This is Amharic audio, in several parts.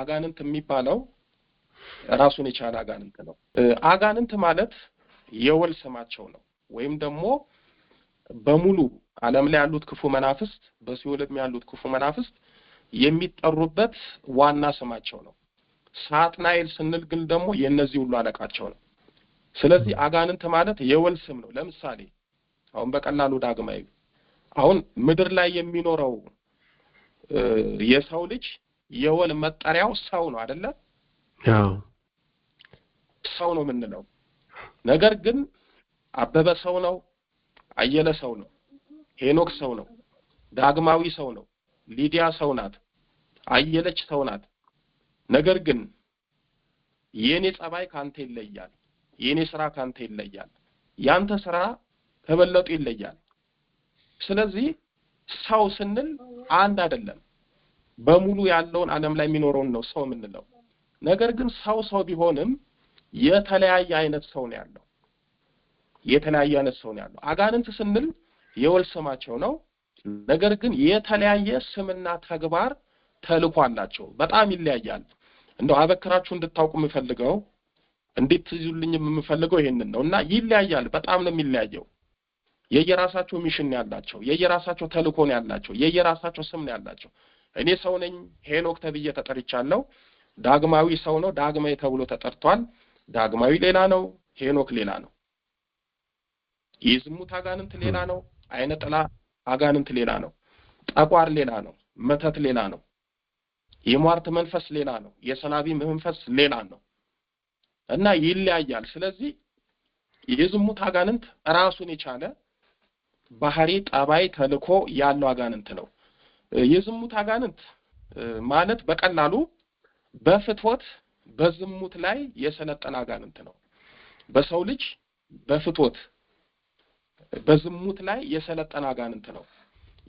አጋንንት የሚባለው ራሱን የቻለ አጋንንት ነው። አጋንንት ማለት የወል ስማቸው ነው። ወይም ደግሞ በሙሉ ዓለም ላይ ያሉት ክፉ መናፍስት በሲኦልም ያሉት ክፉ መናፍስት የሚጠሩበት ዋና ስማቸው ነው። ሳጥናኤል ስንል ግን ደግሞ የእነዚህ ሁሉ አለቃቸው ነው። ስለዚህ አጋንንት ማለት የወል ስም ነው። ለምሳሌ አሁን በቀላሉ ዳግማዊ አሁን ምድር ላይ የሚኖረው የሰው ልጅ የወል መጠሪያው ሰው ነው አይደለ? ሰው ነው የምንለው። ነገር ግን አበበ ሰው ነው፣ አየለ ሰው ነው፣ ሄኖክ ሰው ነው፣ ዳግማዊ ሰው ነው፣ ሊዲያ ሰው ናት፣ አየለች ሰው ናት። ነገር ግን የኔ ጸባይ ካንተ ይለያል። የኔ ስራ ካንተ ይለያል። ያንተ ስራ ከበለጡ ይለያል። ስለዚህ ሰው ስንል አንድ አይደለም። በሙሉ ያለውን ዓለም ላይ የሚኖረውን ነው ሰው የምንለው። ነገር ግን ሰው ሰው ቢሆንም የተለያየ አይነት ሰው ነው ያለው። የተለያየ አይነት ሰው ነው ያለው። አጋንንት ስንል የወል ስማቸው ነው። ነገር ግን የተለያየ ስምና ተግባር ተልኮ አላቸው። በጣም ይለያያል። እንደው አበክራችሁ እንድታውቁ የምፈልገው እንዴት ይዙልኝ የምፈልገው ይሄንን ነው እና ይለያያል። በጣም ነው የሚለያየው። የየራሳቸው ሚሽን ያላቸው፣ የየራሳቸው ተልእኮ ነው ያላቸው፣ የየራሳቸው ስም ነው ያላቸው። እኔ ሰው ነኝ ሄኖክ ተብዬ ተጠርቻለሁ። ዳግማዊ ሰው ነው፣ ዳግማዊ ተብሎ ተጠርቷል። ዳግማዊ ሌላ ነው፣ ሄኖክ ሌላ ነው። የዝሙት አጋንንት ሌላ ነው፣ አይነ ጥላ አጋንንት ሌላ ነው፣ ጠቋር ሌላ ነው፣ መተት ሌላ ነው፣ የሟርት መንፈስ ሌላ ነው፣ የሰላቢ መንፈስ ሌላ ነው እና ይለያያል። ስለዚህ የዝሙት አጋንንት ራሱን የቻለ ባህሪ፣ ጠባይ፣ ተልኮ ያለው አጋንንት ነው። የዝሙት አጋንንት ማለት በቀላሉ በፍትወት በዝሙት ላይ የሰለጠነ አጋንንት ነው። በሰው ልጅ በፍትወት በዝሙት ላይ የሰለጠነ አጋንንት ነው።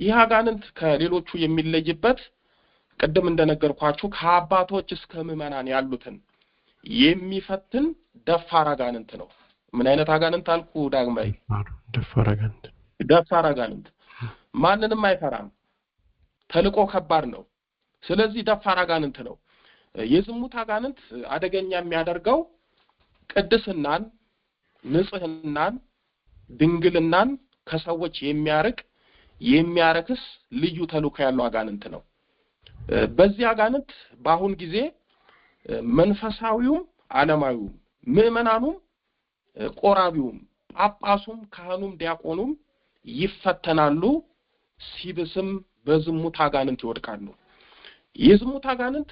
ይህ አጋንንት ከሌሎቹ የሚለይበት ቅድም እንደነገርኳችሁ ከአባቶች እስከ ምዕመናን ያሉትን የሚፈትን ደፋር አጋንንት ነው። ምን አይነት አጋንንት አልኩ ዳግማይ? ደፋር አጋንንት። ደፋር አጋንንት ማንንም አይፈራም። ተልቆ ከባድ ነው። ስለዚህ ደፋር አጋንንት ነው። የዝሙት አጋንንት አደገኛ የሚያደርገው ቅድስናን፣ ንጽህናን፣ ድንግልናን ከሰዎች የሚያርቅ የሚያረክስ ልዩ ተልእኮ ያለው አጋንንት ነው። በዚህ አጋንንት በአሁን ጊዜ መንፈሳዊውም ዓለማዊውም ምዕመናኑም ቆራቢውም ጳጳሱም ካህኑም ዲያቆኑም ይፈተናሉ ሲብስም በዝሙት አጋንንት ይወድቃሉ። የዝሙት አጋንንት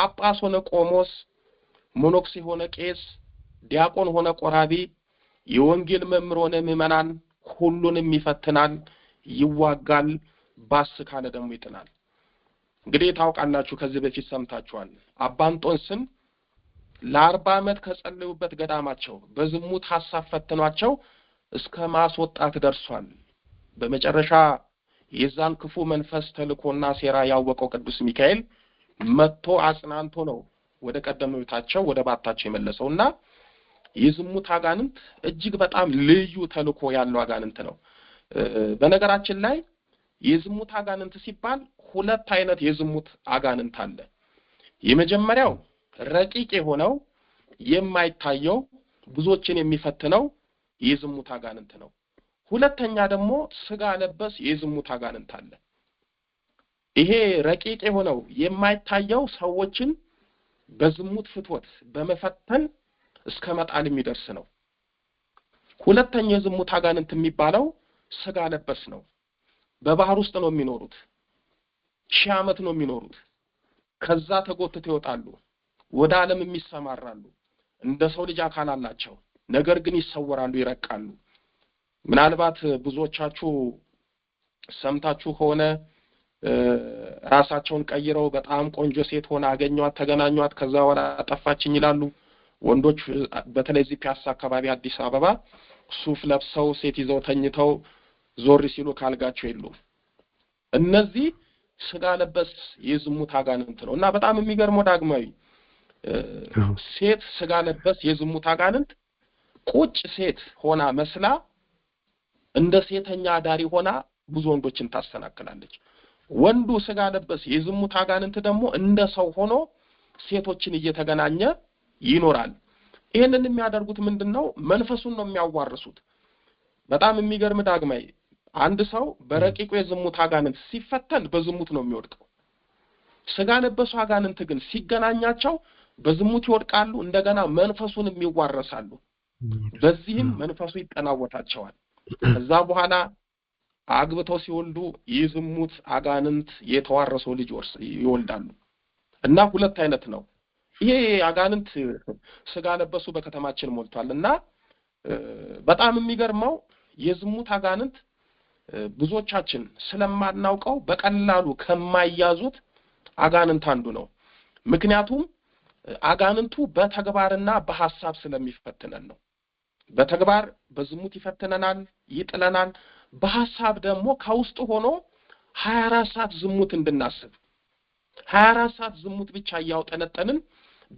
ጳጳስ ሆነ ቆሞስ፣ ሞኖክስ ሆነ ቄስ፣ ዲያቆን ሆነ ቆራቢ፣ የወንጌል መምህር ሆነ ምዕመናን ሁሉንም ይፈትናል፣ ይዋጋል፣ ባስ ካለ ደግሞ ይጥናል። እንግዲህ ታውቃላችሁ፣ ከዚህ በፊት ሰምታችኋል። አባንጦን ስም ለአርባ ዓመት ከጸለዩበት ገዳማቸው በዝሙት ሀሳብ ፈትኗቸው እስከ ማስወጣት ደርሷል። በመጨረሻ የዛን ክፉ መንፈስ ተልኮና ሴራ ያወቀው ቅዱስ ሚካኤል መጥቶ አጽናንቶ ነው ወደ ቀደም ወደ ባታቸው የመለሰው እና የዝሙት አጋንንት እጅግ በጣም ልዩ ተልኮ ያለው አጋንንት ነው። በነገራችን ላይ የዝሙት አጋንንት ሲባል ሁለት አይነት የዝሙት አጋንንት አለ። የመጀመሪያው ረቂቅ የሆነው የማይታየው ብዙዎችን የሚፈትነው የዝሙት አጋንንት ነው። ሁለተኛ ደግሞ ስጋ ለበስ የዝሙት አጋንንት አለ። ይሄ ረቂቅ የሆነው የማይታየው ሰዎችን በዝሙት ፍትወት በመፈተን እስከ መጣል የሚደርስ ነው። ሁለተኛው የዝሙት አጋንንት የሚባለው ስጋ ለበስ ነው። በባህር ውስጥ ነው የሚኖሩት። ሺህ ዓመት ነው የሚኖሩት። ከዛ ተጎትተው ይወጣሉ፣ ወደ ዓለም የሚሰማራሉ። እንደ ሰው ልጅ አካል አላቸው፣ ነገር ግን ይሰወራሉ፣ ይረቃሉ። ምናልባት ብዙዎቻችሁ ሰምታችሁ ከሆነ ራሳቸውን ቀይረው በጣም ቆንጆ ሴት ሆነ አገኟት፣ ተገናኟት፣ ከዛ በኋላ ጠፋችኝ ይላሉ። ወንዶች በተለይ እዚህ ፒያሳ አካባቢ አዲስ አበባ ሱፍ ለብሰው ሴት ይዘው ተኝተው ዞር ሲሉ ካልጋቸው የሉ እነዚህ ስጋ ለበስ የዝሙት አጋንንት ነው እና በጣም የሚገርመው ዳግማዊ ሴት ስጋ ለበስ የዝሙት አጋንንት ቁጭ ሴት ሆና መስላ እንደ ሴተኛ አዳሪ ሆና ብዙ ወንዶችን ታሰናክላለች። ወንዱ ስጋ ለበስ የዝሙት አጋንንት ደግሞ እንደ ሰው ሆኖ ሴቶችን እየተገናኘ ይኖራል። ይህንን የሚያደርጉት ምንድን ነው? መንፈሱን ነው የሚያዋርሱት። በጣም የሚገርም ዳግማይ፣ አንድ ሰው በረቂቁ የዝሙት አጋንንት ሲፈተን በዝሙት ነው የሚወድቀው። ስጋ ለበሱ አጋንንት ግን ሲገናኛቸው በዝሙት ይወድቃሉ። እንደገና መንፈሱንም ይዋረሳሉ። በዚህም መንፈሱ ይጠናወታቸዋል። ከዛ በኋላ አግብተው ሲወልዱ የዝሙት አጋንንት የተዋረሰው ልጅ ይወልዳሉ እና ሁለት አይነት ነው። ይሄ አጋንንት ስጋ ለበሱ በከተማችን ሞልቷል እና በጣም የሚገርመው የዝሙት አጋንንት ብዙዎቻችን ስለማናውቀው በቀላሉ ከማያዙት አጋንንት አንዱ ነው። ምክንያቱም አጋንንቱ በተግባርና በሐሳብ ስለሚፈትነን ነው። በተግባር በዝሙት ይፈትነናል፣ ይጥለናል። በሀሳብ ደግሞ ከውስጡ ሆኖ ሀያ አራት ሰዓት ዝሙት እንድናስብ ሀያ አራት ሰዓት ዝሙት ብቻ እያውጠነጠንን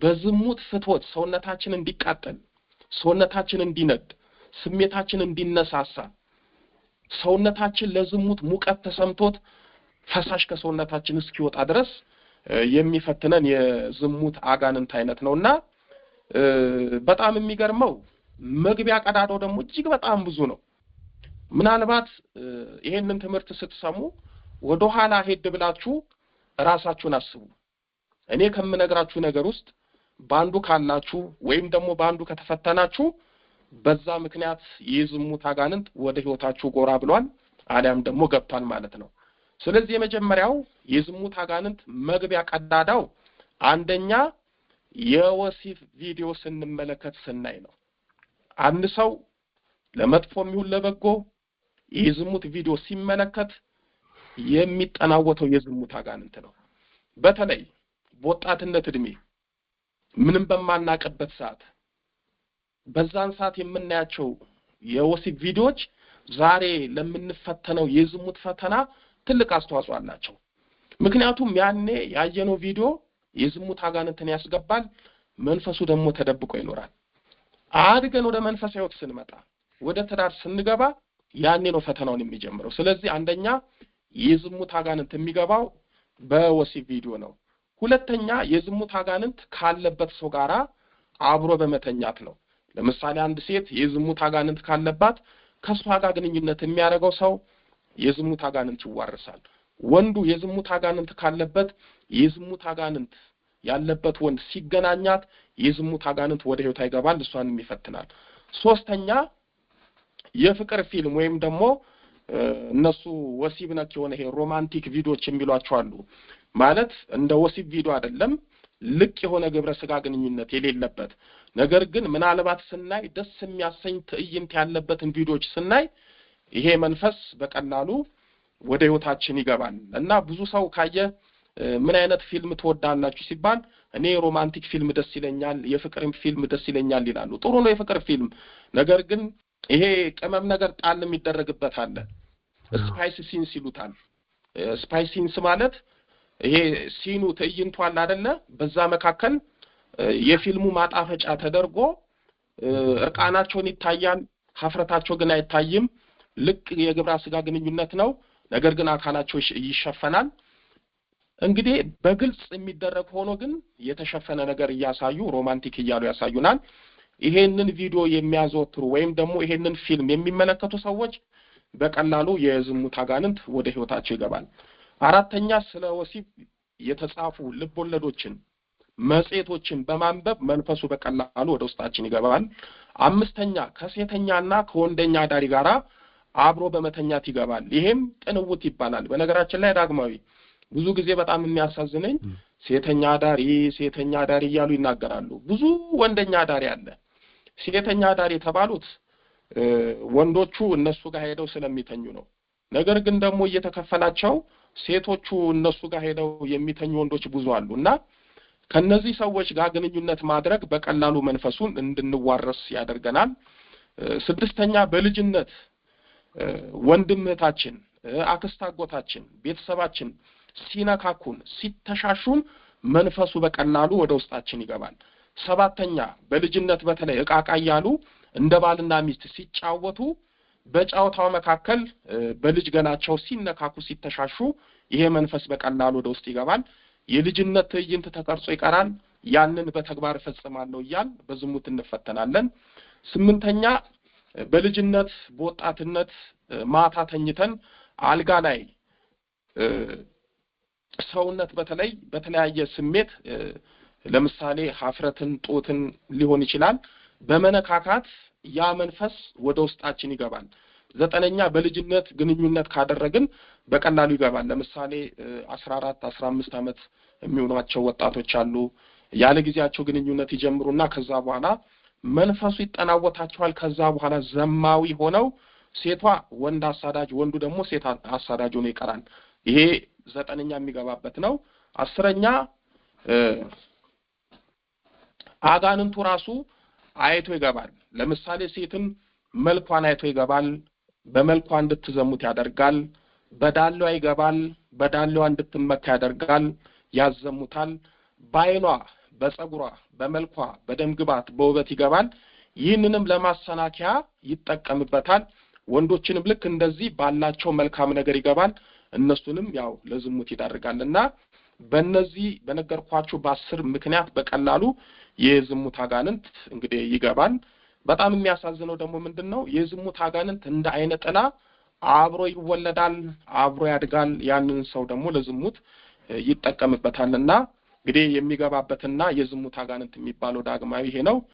በዝሙት ፍትወት ሰውነታችን እንዲቃጠል፣ ሰውነታችን እንዲነድ፣ ስሜታችን እንዲነሳሳ፣ ሰውነታችን ለዝሙት ሙቀት ተሰምቶት ፈሳሽ ከሰውነታችን እስኪወጣ ድረስ የሚፈትነን የዝሙት አጋንንት አይነት ነው እና በጣም የሚገርመው መግቢያ ቀዳዳው ደግሞ እጅግ በጣም ብዙ ነው። ምናልባት ይሄንን ትምህርት ስትሰሙ ወደ ኋላ ሄድ ብላችሁ ራሳችሁን አስቡ። እኔ ከምነግራችሁ ነገር ውስጥ በአንዱ ካላችሁ ወይም ደግሞ በአንዱ ከተፈተናችሁ በዛ ምክንያት የዝሙት አጋንንት ወደ ህይወታችሁ ጎራ ብሏል አሊያም ደግሞ ገብቷል ማለት ነው። ስለዚህ የመጀመሪያው የዝሙት አጋንንት መግቢያ ቀዳዳው አንደኛ የወሲብ ቪዲዮ ስንመለከት ስናይ ነው። አንድ ሰው ለመጥፎ የሚሆን ለበጎ የዝሙት ቪዲዮ ሲመለከት የሚጠናወተው የዝሙት አጋንንት ነው። በተለይ በወጣትነት እድሜ ምንም በማናቅበት ሰዓት በዛን ሰዓት የምናያቸው የወሲብ ቪዲዮዎች ዛሬ ለምንፈተነው የዝሙት ፈተና ትልቅ አስተዋጽኦ አላቸው። ምክንያቱም ያኔ ያየነው ቪዲዮ የዝሙት አጋንንትን ያስገባል፣ መንፈሱ ደግሞ ተደብቆ ይኖራል። አድገን ወደ መንፈሳዊ ሕይወት ስንመጣ ወደ ትዳር ስንገባ ያኔ ነው ፈተናውን የሚጀምረው። ስለዚህ አንደኛ የዝሙት አጋንንት የሚገባው በወሲብ ቪዲዮ ነው። ሁለተኛ የዝሙት አጋንንት ካለበት ሰው ጋር አብሮ በመተኛት ነው። ለምሳሌ አንድ ሴት የዝሙት አጋንንት ካለባት ከእሷ ጋር ግንኙነት የሚያደርገው ሰው የዝሙት አጋንንት ይዋርሳል። ወንዱ የዝሙት አጋንንት ካለበት የዝሙት አጋንንት ያለበት ወንድ ሲገናኛት የዝሙት አጋንንት ወደ ህይወቷ ይገባል፣ እሷንም ይፈትናል። ሶስተኛ የፍቅር ፊልም ወይም ደግሞ እነሱ ወሲብ ነክ የሆነ ይሄ ሮማንቲክ ቪዲዮዎች የሚሏቸው አሉ። ማለት እንደ ወሲብ ቪዲዮ አይደለም፣ ልቅ የሆነ ግብረ ስጋ ግንኙነት የሌለበት ነገር ግን ምናልባት ስናይ ደስ የሚያሰኝ ትዕይንት ያለበትን ቪዲዮዎች ስናይ ይሄ መንፈስ በቀላሉ ወደ ህይወታችን ይገባል እና ብዙ ሰው ካየ ምን አይነት ፊልም ትወዳላችሁ ሲባል እኔ ሮማንቲክ ፊልም ደስ ይለኛል፣ የፍቅር ፊልም ደስ ይለኛል ይላሉ። ጥሩ ነው የፍቅር ፊልም። ነገር ግን ይሄ ቅመም ነገር ጣል የሚደረግበት አለ። ስፓይስ ሲንስ ይሉታል። ስፓይስ ሲንስ ማለት ይሄ ሲኑ ትዕይንቱ አለ አይደለ? በዛ መካከል የፊልሙ ማጣፈጫ ተደርጎ እርቃናቸውን ይታያል፣ ሀፍረታቸው ግን አይታይም። ልቅ የግብረ ስጋ ግንኙነት ነው። ነገር ግን አካላቸው ይሸፈናል። እንግዲህ በግልጽ የሚደረግ ሆኖ ግን የተሸፈነ ነገር እያሳዩ ሮማንቲክ እያሉ ያሳዩናል። ይሄንን ቪዲዮ የሚያዘወትሩ ወይም ደግሞ ይሄንን ፊልም የሚመለከቱ ሰዎች በቀላሉ የዝሙት አጋንንት ወደ ህይወታቸው ይገባል። አራተኛ ስለ ወሲብ የተጻፉ ልብ ወለዶችን፣ መጽሔቶችን በማንበብ መንፈሱ በቀላሉ ወደ ውስጣችን ይገባል። አምስተኛ ከሴተኛና ከወንደኛ አዳሪ ጋራ አብሮ በመተኛት ይገባል። ይሄም ጥንውት ይባላል። በነገራችን ላይ ዳግማዊ ብዙ ጊዜ በጣም የሚያሳዝነኝ ሴተኛ አዳሪ ሴተኛ አዳሪ እያሉ ይናገራሉ። ብዙ ወንደኛ አዳሪ አለ። ሴተኛ አዳሪ የተባሉት ወንዶቹ እነሱ ጋር ሄደው ስለሚተኙ ነው። ነገር ግን ደግሞ እየተከፈላቸው ሴቶቹ እነሱ ጋር ሄደው የሚተኙ ወንዶች ብዙ አሉ እና ከነዚህ ሰዎች ጋር ግንኙነት ማድረግ በቀላሉ መንፈሱን እንድንዋረስ ያደርገናል። ስድስተኛ በልጅነት ወንድም እህታችን፣ አክስት አጎታችን፣ ቤተሰባችን ሲነካኩን ሲተሻሹን መንፈሱ በቀላሉ ወደ ውስጣችን ይገባል። ሰባተኛ በልጅነት በተለይ እቃቃ እያሉ እንደ ባልና ሚስት ሲጫወቱ በጨዋታው መካከል በልጅ ገናቸው ሲነካኩ ሲተሻሹ ይሄ መንፈስ በቀላሉ ወደ ውስጥ ይገባል። የልጅነት ትዕይንት ተቀርጾ ይቀራል። ያንን በተግባር እፈጽማለሁ እያል በዝሙት እንፈተናለን። ስምንተኛ በልጅነት በወጣትነት ማታ ተኝተን አልጋ ላይ ሰውነት በተለይ በተለያየ ስሜት ለምሳሌ ሀፍረትን፣ ጦትን ሊሆን ይችላል በመነካካት ያ መንፈስ ወደ ውስጣችን ይገባል። ዘጠነኛ በልጅነት ግንኙነት ካደረግን በቀላሉ ይገባል። ለምሳሌ አስራ አራት አስራ አምስት ዓመት የሚሆኗቸው ወጣቶች አሉ። ያለ ጊዜያቸው ግንኙነት ይጀምሩና ከዛ በኋላ መንፈሱ ይጠናወታቸዋል። ከዛ በኋላ ዘማዊ ሆነው ሴቷ ወንድ አሳዳጅ፣ ወንዱ ደግሞ ሴት አሳዳጅ ሆኖ ይቀራል። ይሄ ዘጠነኛ የሚገባበት ነው። አስረኛ አጋንንቱ ራሱ አይቶ ይገባል። ለምሳሌ ሴትን መልኳን አይቶ ይገባል። በመልኳ እንድትዘሙት ያደርጋል። በዳሌዋ ይገባል። በዳሌዋ እንድትመካ ያደርጋል፣ ያዘሙታል። በአይኗ፣ በጸጉሯ፣ በመልኳ፣ በደምግባት፣ በውበት ይገባል። ይህንንም ለማሰናከያ ይጠቀምበታል። ወንዶችንም ልክ እንደዚህ ባላቸው መልካም ነገር ይገባል። እነሱንም ያው ለዝሙት ይዳርጋል እና በእነዚህ በነገርኳችሁ በአስር ምክንያት በቀላሉ የዝሙት አጋንንት እንግዲህ ይገባል። በጣም የሚያሳዝነው ደግሞ ምንድን ነው የዝሙት አጋንንት እንደ አይነ ጥላ አብሮ ይወለዳል፣ አብሮ ያድጋል። ያንን ሰው ደግሞ ለዝሙት ይጠቀምበታል እና እንግዲህ የሚገባበትና የዝሙት አጋንንት የሚባለው ዳግማዊ ይሄ ነው።